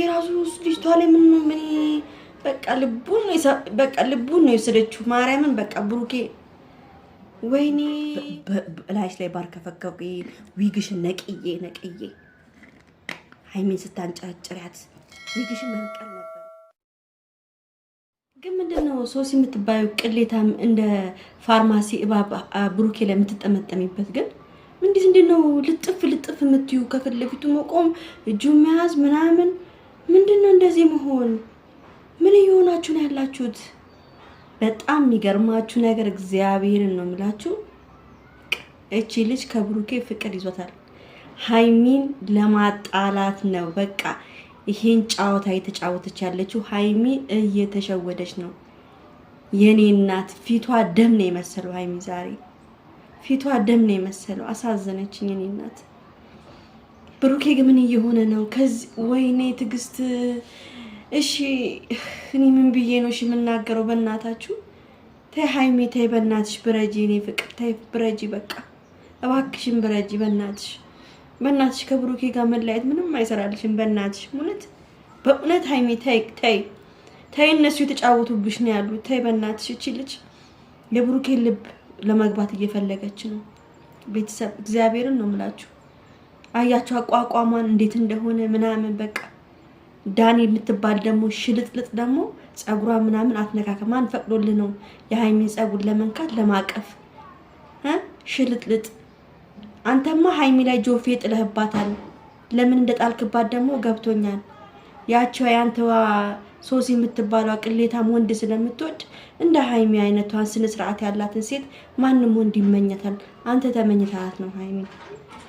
የራሱ ልጅቷ ላይ ምን ምን በቃ ልቡን ነው በቃ ልቡን ነው የወሰደችው። ማርያምን በቃ ብሩኬ፣ ወይኔ ላይሽ ላይ ባርከፈከፍ ዊግሽ ነቅዬ ነቅዬ ሀይሚን ስታንጨረጭሪያት ዊግሽ መንቀል ነበር። ግን ምንድን ነው ሶሲ የምትባዩ ቅሌታም እንደ ፋርማሲ እባብ ብሩኬ ላይ የምትጠመጠሚበት ግን እንዴት እንዴት ነው ልጥፍ ልጥፍ የምትዩ ከፊት ለፊቱ መቆም እጁ መያዝ ምናምን ምንድን ነው እንደዚህ መሆን? ምን እየሆናችሁ ነው ያላችሁት? በጣም የሚገርማችሁ ነገር እግዚአብሔርን ነው የምላችሁ፣ እቺ ልጅ ከብሩኬ ፍቅር ይዟታል። ሀይሚን ለማጣላት ነው በቃ ይሄን ጨዋታ እየተጫወተች ያለችው። ሀይሚ እየተሸወደች ነው። የኔ እናት ፊቷ ደም ነው የመሰለው። ሀይሚ ዛሬ ፊቷ ደም ነው የመሰለው። አሳዘነችኝ የኔ እናት። ብሩኬ ምን እየሆነ ነው? ከዚህ ወይኔ ትዕግስት። እሺ እኔ ምን ብዬ ነው የምናገረው? በእናታችሁ ተይ ሀይሜ ተይ፣ በእናትሽ ብረጂ። እኔ ፍቅር ተይ ብረጂ፣ በቃ እባክሽን ብረጂ። በእናትሽ በእናትሽ ከብሩኬ ጋር መለያየት ምንም አይሰራልሽም። በእናትሽ እውነት በእውነት ሀይሜ ተይ ተይ ተይ፣ እነሱ የተጫወቱብሽ ነው ያሉት። ተይ በእናትሽ። እቺ ልጅ የብሩኬ ልብ ለመግባት እየፈለገች ነው። ቤተሰብ እግዚአብሔርን ነው የምላችሁ አያቸው አቋቋሟን እንዴት እንደሆነ ምናምን በቃ ዳኒ የምትባል ደግሞ ሽልጥልጥ ደግሞ ጸጉሯ ምናምን አትነካከማን ማን ፈቅዶልህ ነው የሀይሚን ጸጉር ለመንካት ለማቀፍ? ሽልጥልጥ አንተማ ሀይሚ ላይ ጆፌ ጥለህባታል። ለምን እንደጣልክባት ደግሞ ገብቶኛል። ያቸው ያንተዋ ሶሲ የምትባለው ቅሌታም ወንድ ስለምትወድ እንደ ሀይሚ አይነቷን ስነ ስርዓት ያላትን ሴት ማንም ወንድ ይመኘታል። አንተ ተመኝታት ነው ሀይሚ።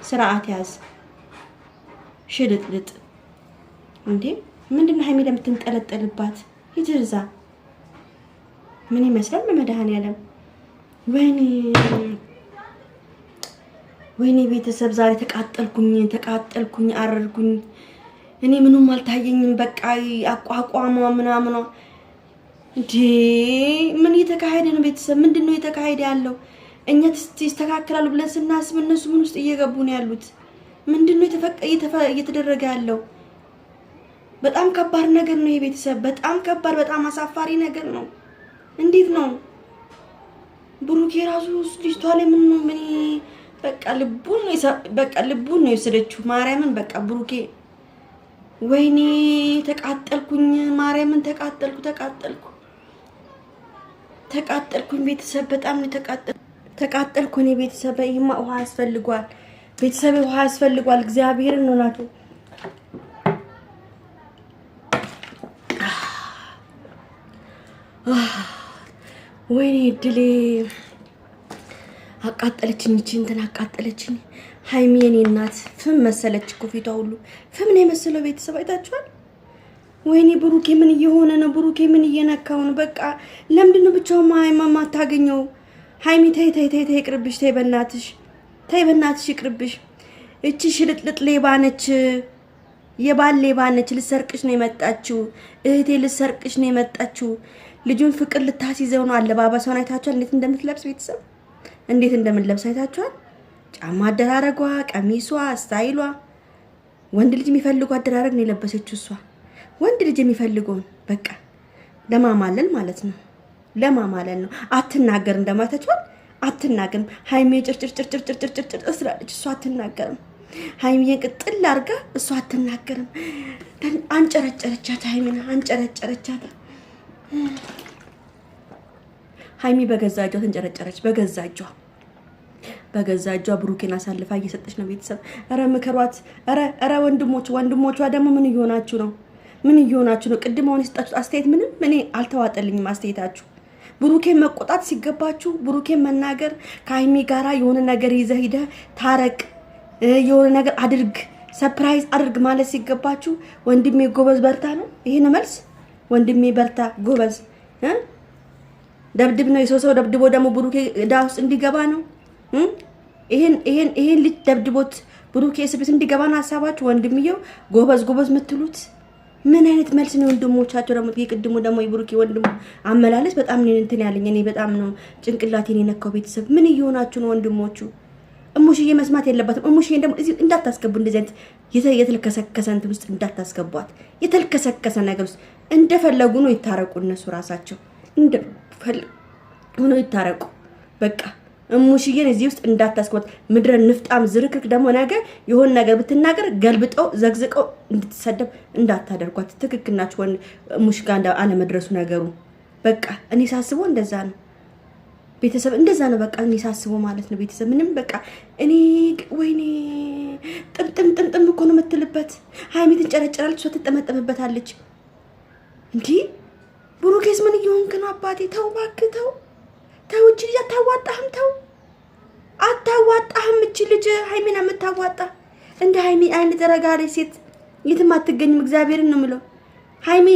ስርዓት ያዝ ሽልጥልጥ። እንዴ ምንድን ሀይሚ ለምትንጠለጠልባት ይትርዛ ምን ይመስላል? መድኃኔዓለም ወይኔ ወይኔ ቤተሰብ ዛሬ ተቃጠልኩኝ፣ ተቃጠልኩኝ፣ አረርኩኝ። እኔ ምንም አልታየኝም። በቃ አቋቋሟ ምናምኗ እንዴ ምን እየተካሄደ ነው? ቤተሰብ ምንድን ነው እየተካሄደ ያለው? እኛ ይስተካከላሉ ብለን ስናስብ እነሱ ምን ውስጥ እየገቡ ነው ያሉት? ምንድን ነው እየተደረገ ያለው? በጣም ከባድ ነገር ነው የቤተሰብ በጣም ከባድ በጣም አሳፋሪ ነገር ነው። እንዴት ነው ብሩኬ ራሱ ልጅቷ ላይ ምን ምን በቃ ልቡን ነው በቃ ልቡን ነው የወሰደችው ማርያምን በቃ ብሩኬ ወይኔ ተቃጠልኩኝ፣ ማርያምን ተቃጠልኩ፣ ተቃጠልኩ፣ ተቃጠልኩኝ። ቤተሰብ በጣም ነው ተቃጠልኩ። እኔ ቤተሰብ ይማ ውሃ ያስፈልጓል፣ ቤተሰብ ውሃ ያስፈልጓል። እግዚአብሔርን ነው ናቱ ወይኔ እድሌ አቃጠለችኝ፣ ይቺ እንትን አቃጠለችኝ። ሀይሚ የኔ እናት ፍም መሰለች እኮ ፊቷ ሁሉ ፍም ነው የመሰለው። ቤተሰብ አይታችኋል? ወይኔ ብሩኬ ምን እየሆነ ነው? ብሩኬ ምን እየነካው ነው? በቃ ለምንድን ነው ብቻውማ ሀይማ ማታገኘው? ሀይሚ ተይ ተይ ተይ ተይ፣ ይቅርብሽ፣ ተይ በናትሽ፣ ተይ በናትሽ፣ ይቅርብሽ። እቺ ሽልጥልጥ ሌባ ነች፣ የባል ሌባ ነች። ልሰርቅሽ ነው የመጣችው እህቴ፣ ልሰርቅሽ ነው የመጣችው። ልጁን ፍቅር ልታስይዘው ነው። አለባበሷን አይታችኋል እንዴት እንደምትለብስ ቤተሰብ እንዴት እንደምንለብስ አይታችኋል። ጫማ አደራረጓ፣ ቀሚሷ፣ ስታይሏ ወንድ ልጅ የሚፈልጉ አደራረግ ነው የለበሰችው እሷ። ወንድ ልጅ የሚፈልገውን በቃ ለማማለል ማለት ነው፣ ለማማለል ነው። አትናገርም፣ እንደማይታችኋል፣ አትናገርም። ሀይሜ ጭርጭርጭርጭርጭርጭርጭር እስላለች፣ እሷ አትናገርም። ሀይሜን ቅጥል አድርጋ እሷ አትናገርም። አንጨረጨረቻት፣ ሀይሜን አንጨረጨረቻት። ሀይሚ በገዛ እጇ ተንጨረጨረች። በገዛ እጇ በገዛ እጇ ብሩኬን አሳልፋ እየሰጠች ነው። ቤተሰብ ረ ምከሯት። ረ ወንድሞች ወንድሞቿ ደግሞ ምን እየሆናችሁ ነው? ምን እየሆናችሁ ነው? ቅድም አሁን የሰጣችሁት አስተያየት ምንም እኔ አልተዋጠልኝም። አስተያየታችሁ ብሩኬን መቆጣት ሲገባችሁ ብሩኬን መናገር ከሀይሚ ጋራ የሆነ ነገር ይዘህ ሂደህ ታረቅ፣ የሆነ ነገር አድርግ፣ ሰፕራይዝ አድርግ ማለት ሲገባችሁ ወንድሜ ጎበዝ በርታ ነው። ይህን መልስ። ወንድሜ በርታ ጎበዝ ደብድብ ነው የሰው ሰው ደብድቦ ደግሞ ብሩኬ እዳ ውስጥ እንዲገባ ነው። ይሄን ይሄን ይሄን ልጅ ደብድቦት ብሩኬ እስር ቤት እንዲገባ ነው ሀሳባችሁ። ወንድምየው ጎበዝ ጎበዝ የምትሉት ምን አይነት መልስ ነው? ወንድሞቻቸው ደግሞ የቅድሙ ደግሞ የብሩኬ ወንድሙ አመላለስ በጣም ነው እንትን ያለኝ። እኔ በጣም ነው ጭንቅላቴን የነካው። ቤተሰብ ምን እየሆናችሁ ነው ወንድሞቹ? እሙሽዬ መስማት የለባትም። እሙሽዬን ደግሞ እዚህ እንዳታስገቡ፣ እንደዚህ አይነት የተልከሰከሰ እንትን ውስጥ እንዳታስገቧት። የተልከሰከሰ ነገር ውስጥ እንደፈለጉ ነው ይታረቁ እነሱ ራሳቸው። ሆኖ ይታረቁ። በቃ እሙሽዬን እዚህ ውስጥ እንዳታስቆት። ምድረ ንፍጣም ዝርክርክ ደግሞ ነገር የሆን ነገር ብትናገር ገልብጠው ዘግዝቀው እንድትሰደብ እንዳታደርጓት። ትክክል ወን እሙሽ ጋር አለመድረሱ ነገሩ በቃ እኔ ሳስቦ እንደዛ ነው። ቤተሰብ እንደዛ ነው። በቃ እኔ ሳስበው ማለት ነው። ቤተሰብ ምንም በቃ እኔ ወይኔ ጥምጥም ጥምጥም እኮ ነው የምትልበት። ሀይሜ ትንጨረጨራለች፣ እሷ ትጠመጠምበታለች እንዲህ ብሩኬስ ምን እየሆንክ ነው አባቴ? ተው እባክህ ተው ተው፣ እች ልጅ አታዋጣህም። ተው አታዋጣህም። እች ልጅ ሀይሜን የምታዋጣ እንደ ሀይሜ አይነት ረጋሪ ሴት የትም አትገኝም። እግዚአብሔርን ነው የምለው። ሀይሜ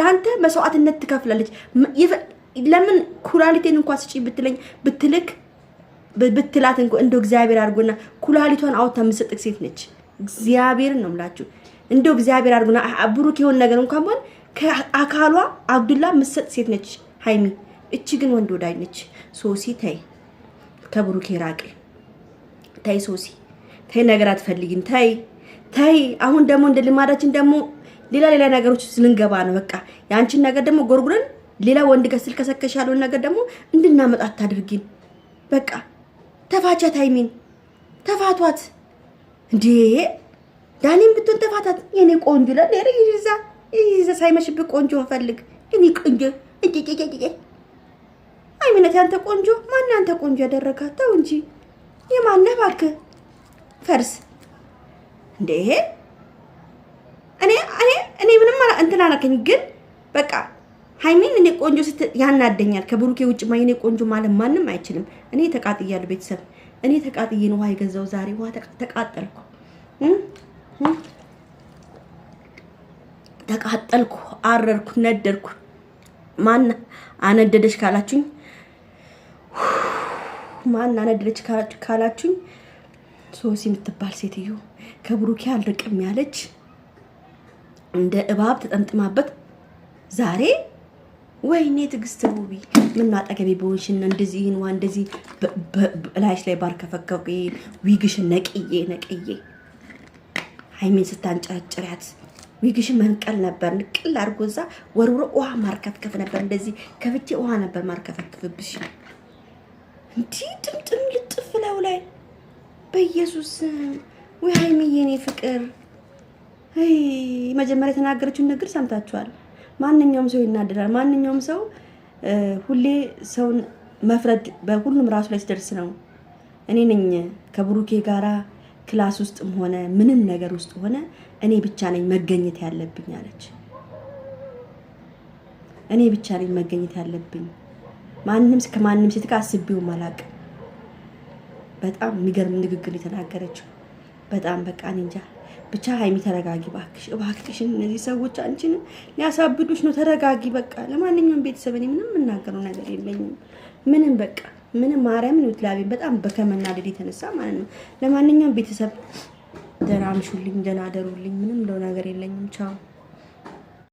ለአንተ መስዋዕትነት ትከፍላለች። ለምን ኩላሊቴን እንኳ ስጪ ብትለኝ ብትልክ ብትላት እንደው እግዚአብሔር አድርጎና ኩላሊቷን አውጥታ የምትሰጥቅ ሴት ነች። እግዚአብሔርን ነው የምላችሁ። እንደው እግዚአብሔር አድርጎና ብሩክ የሆን ነገር እንኳን ሆን ከአካሏ አብዱላ ምሰጥ ሴት ነች ሀይሚ። እቺ ግን ወንድ ወዳጅ ነች። ሶሲ ተይ፣ ከብሩኬ ራቂ። ተይ ሶሲ ተይ፣ ነገር አትፈልጊም። ተይ ተይ። አሁን ደግሞ እንደ ልማዳችን ደግሞ ሌላ ሌላ ነገሮች ልንገባ ነው። በቃ የአንቺን ነገር ደግሞ ጎርጉረን ሌላ ወንድ ጋር ስልከሰከሽ ያለውን ነገር ደግሞ እንድናመጣ አታድርጊን። በቃ ተፋቻት፣ ሀይሚን ተፋቷት። እንዴ ዳኒም ብትሆን ተፋታት። የኔ ቆንጆ ለ ይዛ ይዘህ ሳይመሽብህ ቆንጆ ፈልግ። እኔ ቆንጆ አይምነት ያንተ ቆንጆ ማን አንተ ቆንጆ ያደረጋት? ተው እንጂ የማነህ እባክህ ፈርስ እንደ ይሄ እኔ እኔ እኔ ምንም እንትን አላከኝ፣ ግን በቃ ሀይሚን እኔ ቆንጆ ስት ያናደኛል። ከብሩኬ ውጭ ማ እኔ ቆንጆ ማለት ማንም አይችልም። እኔ ተቃጥያለሁ፣ ቤተሰብ እኔ ተቃጥዬ ነው ውሃ የገዛው ዛሬ ውሃ ተቃጠልኩ። ተቃጠልኩ፣ አረርኩ፣ ነደርኩ። ማን አነደደች ካላችሁኝ ማን አነደደች ካላችሁኝ ሶሲ የምትባል ሴትዮ ከብሩኬ አልርቅም ያለች እንደ እባብ ተጠምጥማበት ዛሬ ወይኔ ትዕግስት ውቢ ምን አጠገቤ በሆንሽና እንደዚህ ይህንዋ እንደዚህ ላይሽ ላይ ባርከፈከፍ ዊግሽ ነቅዬ ነቅዬ ሀይሜን ስታንጨረጭሪያት ዊግሽን መንቀል ነበር ንቅል አድርጎ እዛ ወርውሮ ውሃ ማርከፍከፍ ነበር። እንደዚህ ከፍቼ ውሃ ነበር ማርከፈክፍብሽ። እንዲህ ጥምጥም ልጥፍ ለው ላይ በኢየሱስ ወይ ሀይሚዬ፣ የኔ ፍቅር መጀመሪያ የተናገረችውን ንግር ሰምታችኋል። ማንኛውም ሰው ይናደዳል። ማንኛውም ሰው ሁሌ ሰውን መፍረድ በሁሉም ራሱ ላይ ሲደርስ ነው። እኔ ነኝ ከብሩኬ ጋራ ክላስ ውስጥም ሆነ ምንም ነገር ውስጥ ሆነ እኔ ብቻ ነኝ መገኘት ያለብኝ አለች። እኔ ብቻ ነኝ መገኘት ያለብኝ ማንም ከማንም ሴት ጋር አስቤውም አላውቅም። በጣም የሚገርም ንግግር የተናገረችው። በጣም በቃ እኔ እንጃ ብቻ ሀይሚ ተረጋጊ እባክሽ፣ እባክሽ እነዚህ ሰዎች አንቺን ሊያሳብዱሽ ነው። ተረጋጊ በቃ። ለማንኛውም ቤተሰብ እኔ ምንም የምናገረው ነገር የለኝም ምንም በቃ ምንም ማርያምን ውትላቤን በጣም በከመናደድ የተነሳ ማለት ነው። ለማንኛውም ቤተሰብ ደህና አምሹልኝ፣ ደህና አደሩልኝ። ምንም ለው ነገር የለኝም። ቻው